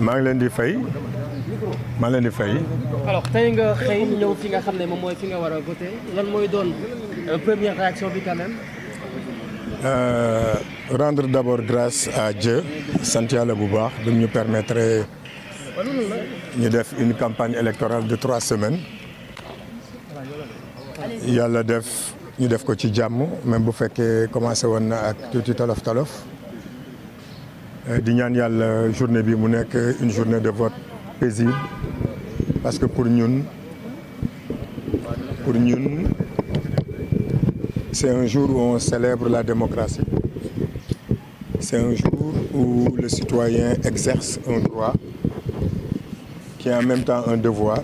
maa ngi leen di fay maa leen di fay. alors tey nga xëy ñëw fi nga xam ne moom mooy fi nga war a voté lan mooy doon euh, première réaction bi quand euh, rendre d'abord grâce à Dieu sant yàlla bu baax bi ñu permettre ñu def une campagne électorale de trois semaines yàlla def ñu def ko ci jàmm même bu fekkee commencé woon na ak tuuti tolof tolof. Euh, di ñaan yàlla journée bi mu nekk une journée de vote paisible parce que pour ñun pour ñun c'est un jour où on célèbre la démocratie c'est un jour où le citoyen exerce un droit qui est en même temps un devoir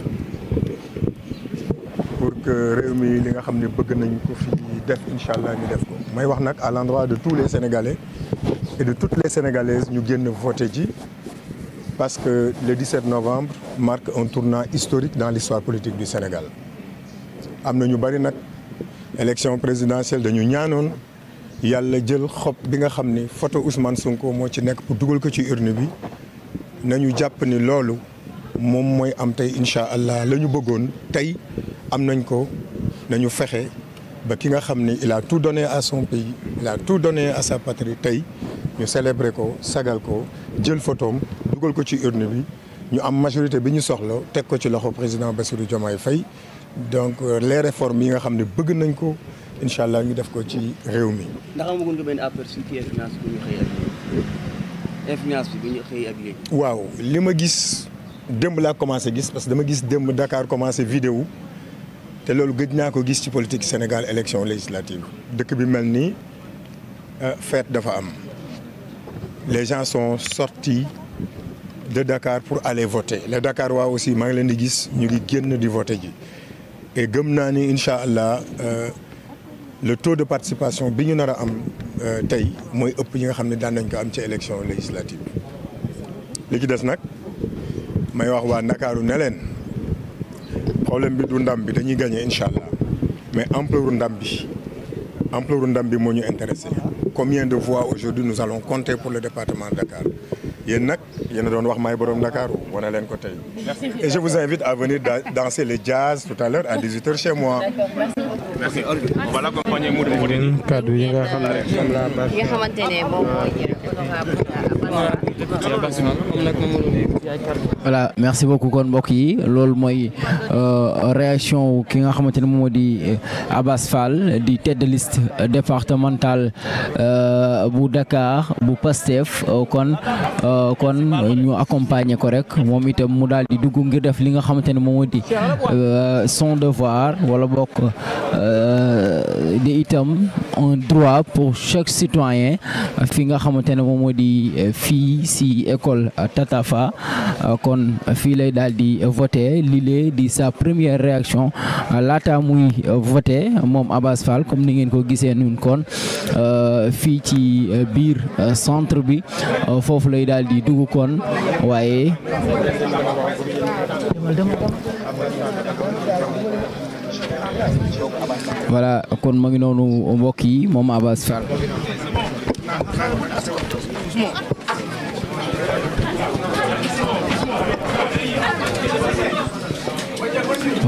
pour que réew mi li nga xam ni bëgg nañu ko fi def incha allah def ko may wax nag à l'endroit de tous les Sénégalais et de toutes les Sénégalaises ñu génn voté ji parce que le 17 novembre marque un tournant historique dans l'histoire politique du Sénégal am na ñu bari nag élection présidentielle dañu ñaanoon yàlla jël xob bi nga xam ni photo Ousmane Sonko moo ci nekk pour dugal ko ci urne bi nañu jàpp ni loolu moom mooy am tey incha allah la ñu bëggoon tey am nañ ko nañu fexe ba ki nga xam ni il a tout donné à son pays il tout donné à sa patrie tey ñu célébré ko sagal ko jël photoom dugal ko ci urne bi ñu am majorité bi ñu soxla teg ko ci loxo président Bassirou Diomaye Faye donc euh, les réformes yi nga xam ne bëgg nañ ko incha allah ñu def ko ci réew mi. ndax amaguñ ko benn aperçu ci influence bi ñu xëy bi ñu xëy ak léegi. waaw li ma gis démb laa commencé gis parce que dama gis démb Dakar commencé vidéo te loolu gëj naa ko gis ci politique Sénégal élection législative dëkk bi mel nii euh, fête dafa am. les gens sont sortis de Dakar pour aller voter les Dakar waa aussi maa ngi leen di gis ñu ngi génn di voter ji et gëm naa ni incha allah euh, le taux de participation bi ñu nar a am euh, tey mooy ëpp yi nga xam ne daan nañ ko am ci élection législative li ci des nag may wax waa Ndakaaru neleen leen problème bi du ndam bi dañuy gagner incha allah mais ampleur ndam bi ampleur ndam bi moo ñu intéressé combien de voix aujourd'hui nous allons compter pour le département de Dakar yéen nag yéen doon wax may borom Dakar wane leen ko tey et je vous invite à venir danser le jazz tout à l'heure à 18h chez moi. merci kaddu yi nga xam ne moom mooy euh, voilà merci beaucoup kon mbokk yi loolu mooy euh, réaction ki nga xamante ne moom di euh, Abass di tête de liste euh, départementale bu Dakar bu Pastef kon kon ñu accompagner ko rek moom itam mu daal di dugg ngir def li nga xamante ne moom moo di son devoir wala bokk di itam un droit pour chaque citoyen fi nga xamante ne moom di fii si école Tatafa. kon fii lay daal di voté lii di sa première réaction laata muy voté moom Abass Fall comme ni ngeen ko gisee nun kon euh, fii ci biir centre bi euh, foofu lay daal di dugg kon waaye voilà kon ma ngi noonu mbokk yi moom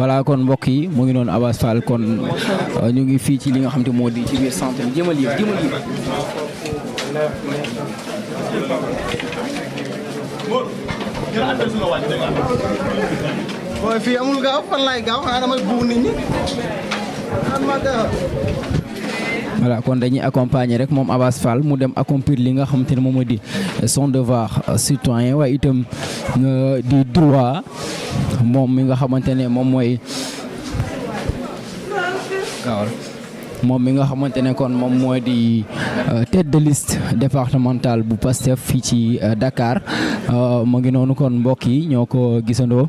voilà kon mbokk yi mu ngi noonu Abass Fall kon euh, ñu ngi fii ci li nga xam te moo di ci biir centre bi jëmal yi jëmal yi waaye fii amul gaaw fan gaaw xanaa damay buub nit ñi voilà kon dañuy accompagner rek moom Abass Fall mu dem accomplir li nga xamante ne moom moo di son devoir citoyen waaye itam euh, di droit moom mi nga xamante ne moom mooy moom mi nga xamante ne kon moom moo di euh, tête de liste départementale bu Pastef fii ci euh, dakaar ma ngi noonu kon mbokk yi ñoo ko gisandoo.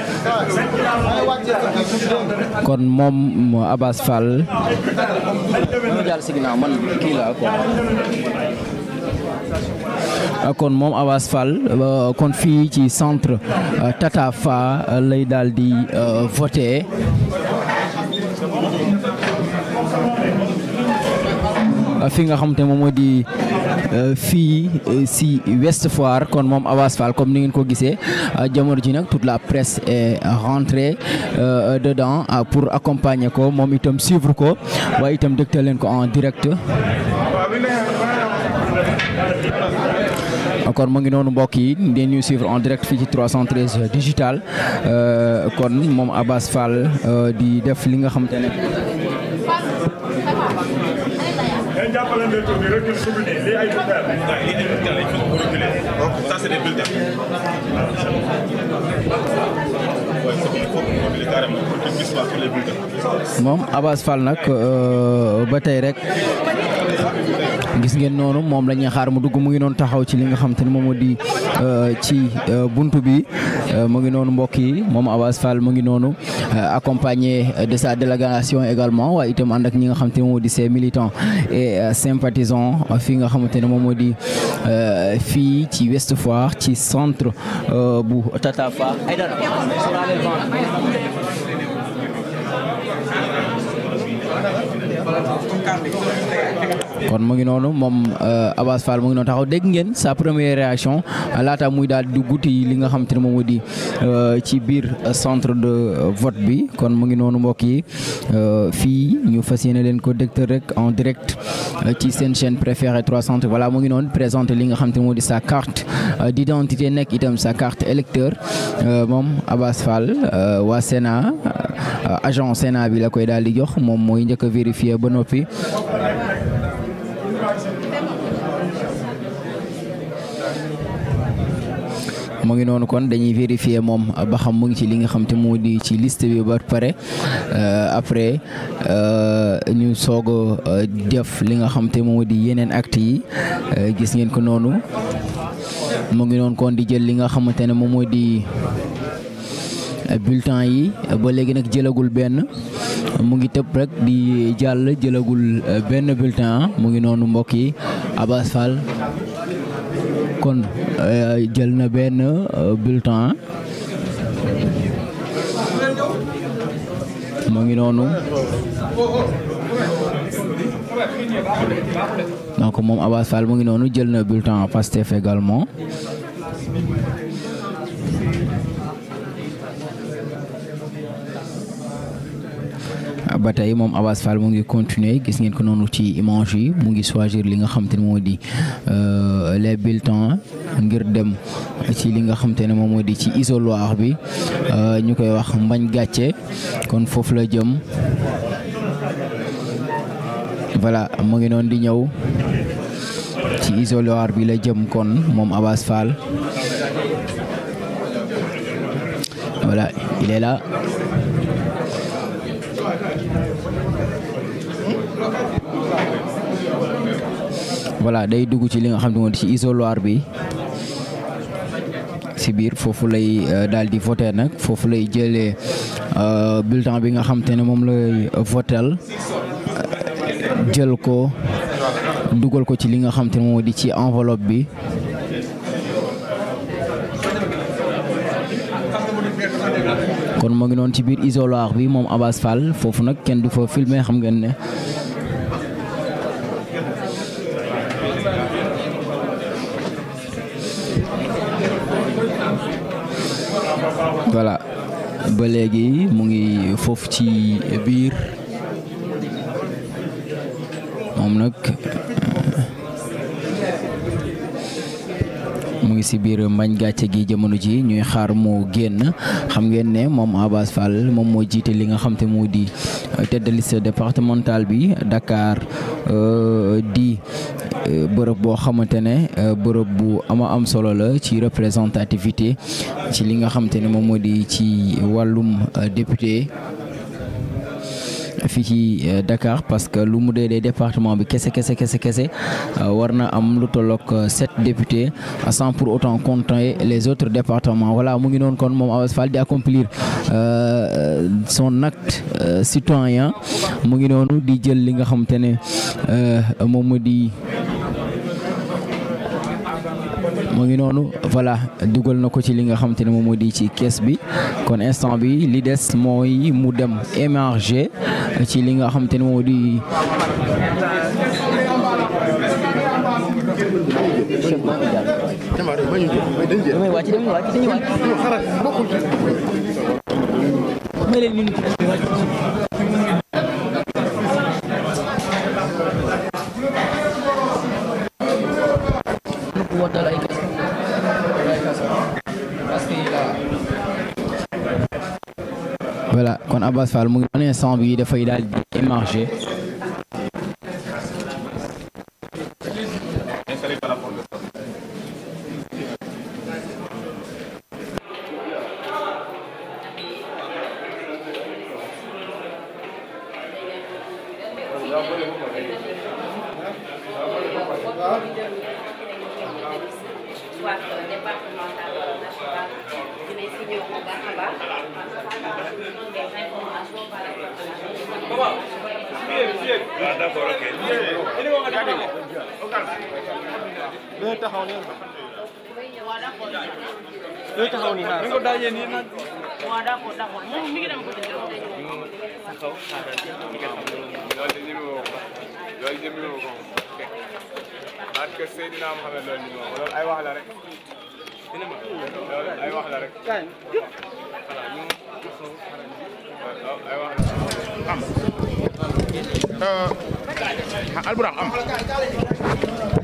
kon moom Abass Fall. Ah, kon moom Abass euh, kon fii ci centre euh, Tata Fa euh, lay daal di voté. Ah, fi nga xam moom moo di. Euh, fii euh, si West Foire kon moom Abass Fall comme ni ngeen ko gisee euh, jamono ji nag toute la presse est rentrée dedans pour accompagner ko moom itam suivre ko waaye itam dégtal leen ko en direct kon mu ngi noonu mbokk yi di ñu suivre en direct fii ci 313 digital kon moom Abass Fall di def li nga xam te ne la ñu moom Abass Fall nag euh, ba tey rek. gis ngeen noonu moom la ñuy xaar mu dugg mu ngi noonu taxaw ci li nga xam te ne moom moo di euh, ci euh, bunt bi euh, mu ngi noonu mbokk yi moom Abass Fall mu ngi noonu accompagné de sa délégation également waaye itam ànd ak ñi nga xam te ne moom moo di ses militants et sympathisants fii nga xamante ne moom moo di fii ci west Foire ci centre bu Tata kon mu ngi noonu moom euh, Abass Fall mu ngi noonu taxaw dégg ngeen sa première réaction laata muy daal di guddi li nga xam ne moom moo di euh, ci biir centre de vote bi kon mu ngi noonu mbokk yi euh, fii ñu fas yéene leen ko dégtal rek en direct ci seen chaîne préférée 300 voilà mu ngi noonu présenté li nga xam te ne moo di sa carte d'identité nekk itam sa carte électeur moom Abass Fall waa Sénat agent Sénat bi la koy daal di jox moom mooy njëkk a vérifier ba noppi. mu ngi noonu kon dañuy vérifier moom ba xam mu ngi ci li nga xam te moo di ci liste bi ba pare euh, après euh, ñu soog a euh, def li nga xam te moo di yeneen acte yi gis ngeen ko noonu mu ngi noonu kon di jël li nga xamante ne moom moo di bulletin yi ba léegi nag jëlagul benn mu ngi tëb rek di jàll jëlagul benn bulletin mu ngi noonu mbokk yi Abass Fall kon Euh, jël na benn euh, bulletin mu ngi noonu donc moom Abass Fall mu ngi noonu jël na bulletin Pastef également ba tey moom Abass Fall mu ngi continuer gis ngeen ko noonu ci image yi mu ngi choisir li nga xam te ne moo di euh, les bulletins ngir dem ci li nga xam ne moom moo di ci isoloir bi euh, ñu koy wax mbañ gàcce kon foofu la jëm voilà mu ngi noonu di ñëw ci isoloir bi la jëm kon moom Abass Fall voilà il voilà day dugg ci li nga xam ne moom ci isoloir bi si biir foofu lay euh, daal di voté nag foofu lay jëlee euh, bulletin bi nga xam te ne moom lay votel jël ko dugal ko ci li nga xam te ne moom di ci enveloppe bi. kon moo ngi noonu ci biir isoloir bi moom Abass Fall foofu nag kenn du fa filmer xam ngeen ne. voilà ba léegi mu ngi foofu ci biir moom nag. ngi si biir mbañ gàcce gi jamono ji ñuy xaar moo génn xam ngeen ne moom Abass Fall moom moo jiite li nga xam te moo di euh, tête de liste départementale bi Dakar euh, di euh, bërëb boo xamante ne bërëb bu ama am solo la ci représentativité ci li nga xam te ne moom moo di ci wàllum député fii ci euh, Dakar parce que lu mu dee dee département bi kese kese kese kese euh, war na am lu tolloog euh, sept députés sans pour autant compter les autres départements voilà mu ngi noonu kon moom Abass Fall di accomplir son acte citoyen mu ngi noonu di jël li nga xamante ne moom di mu ngi noonu voilà dugal na ko ci li nga xam te ne moom moo di ci kees bi kon instant bi li des mooy mu dem émerger ci li nga xam te ne moo di voilà kon Abass Fall mu ngi noonu instant bi dafay daal di soit départemental wala national dinañ si ñëw bu baax a baax des informations par rapport à la. d'accord ok. day taxaw nii. day taxaw nii xaaral. ni nga ko daajee nii nag. waaw d'accord d'accord moom mi ngi dem ko dëgg. taxaw xaaral. loolu jëmee woo ko. loolu jëmee woo ko. ak kër Seydina Mohamed loolu ni moom loolu ay wax la rek ay wax la rek ay wax la am euh,